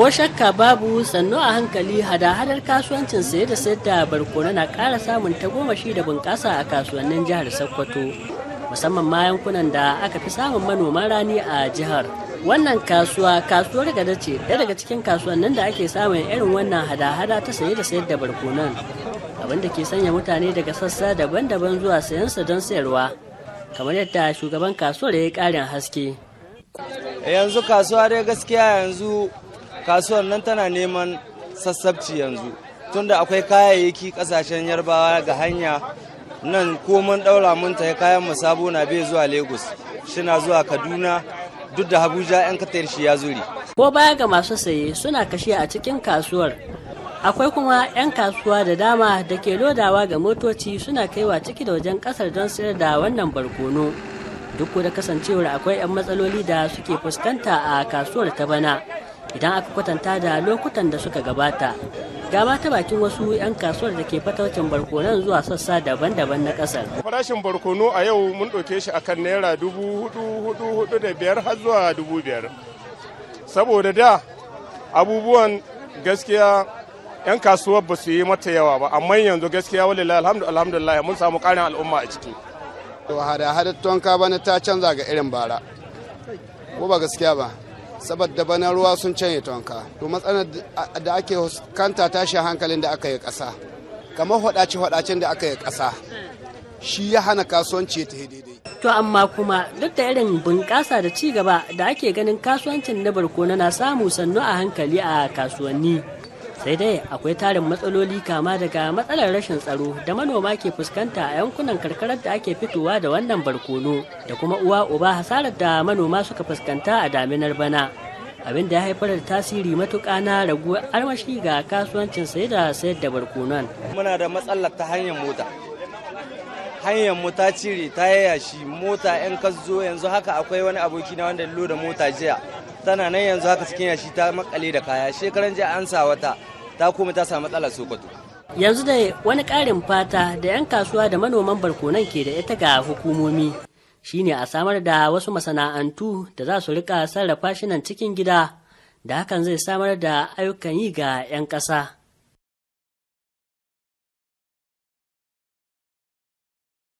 ko shakka babu sannu a hankali hada-hadar kasuwancin saye da sayar da barkono na kara samun ta tagomashi da bunƙasa a kasuwannin jihar sokoto musamman ma yankunan da aka fi samun manoman rani a jihar wannan kasuwa kasuwar gada ce ɗaya daga cikin kasuwannin da ake samun irin wannan hada-hada ta saye da sayar da barkonon abinda ke sanya mutane daga sassa daban-daban zuwa sayansa don sayarwa kamar yadda shugaban kasuwar ya yi ƙarin haske yanzu kasuwa dai gaskiya yanzu kasuwar nan tana neman sassabci yanzu tunda akwai kayayyaki kasashen yarbawa ga hanya nan ko mun daura mun ta kayan mu sabo na bai zuwa lagos shina zuwa kaduna duk da habuja yan katayar shi ya zuri ko baya ga masu saye suna kashe a cikin kasuwar akwai kuma 'yan kasuwa da dama da ke lodawa ga motoci suna kaiwa ciki da wajen kasar don sayar da wannan barkono duk da kasancewar akwai 'yan matsaloli da suke fuskanta a kasuwar ta bana idan aka kwatanta da lokutan da suka gabata ga ta bakin wasu 'yan kasuwar da ke fataucin barkonon zuwa sassa daban-daban na kasar. farashin barkono a yau mun ɗauke shi akan naira dubu hudu hudu hudu da biyar har zuwa dubu biyar saboda da abubuwan gaskiya 'yan kasuwar ba su yi mata yawa ba amma yanzu gaskiya wale alhamdulillah mun samu karin al'umma a ciki. hada-hadar tonka bana ta canza ga irin bara ko ba gaskiya ba saboda bana ruwa sun canye tonka to matsalar da ake kanta tashi hankalin da aka yi ƙasa kamar faɗace-faɗacen da aka yi ƙasa shi ya hana kasuwanci ta daidai. To amma kuma duk da irin bunƙasa da ci gaba da ake ganin kasuwancin na barkono na samu sannu a hankali a kasuwanni. sai dai akwai tarin matsaloli kama daga matsalar rashin tsaro da manoma ke fuskanta a yankunan karkarar da ake fitowa da wannan barkono da kuma uwa uba hasarar da manoma suka fuskanta a daminar bana abin da ya haifar da tasiri matuƙa na raguwar armashi ga kasuwancin sai da sayar da barkonon muna da matsalar ta hanyar mota hanyar mota cire ta yashi mota yan kazo yanzu haka akwai wani aboki na wanda lilo da mota jiya tana nan yanzu haka cikin yashi ta makale da kaya shekaran jiya an sa wata ta kuma ta samu matsala sokoto yanzu dai wani karin fata da 'yan kasuwa da manoman barkonan ke da ita ga hukumomi shine a samar da wasu masana'antu da za su rika sarrafa shi cikin gida da hakan zai samar da ayyukan yi ga 'yan ƙasa.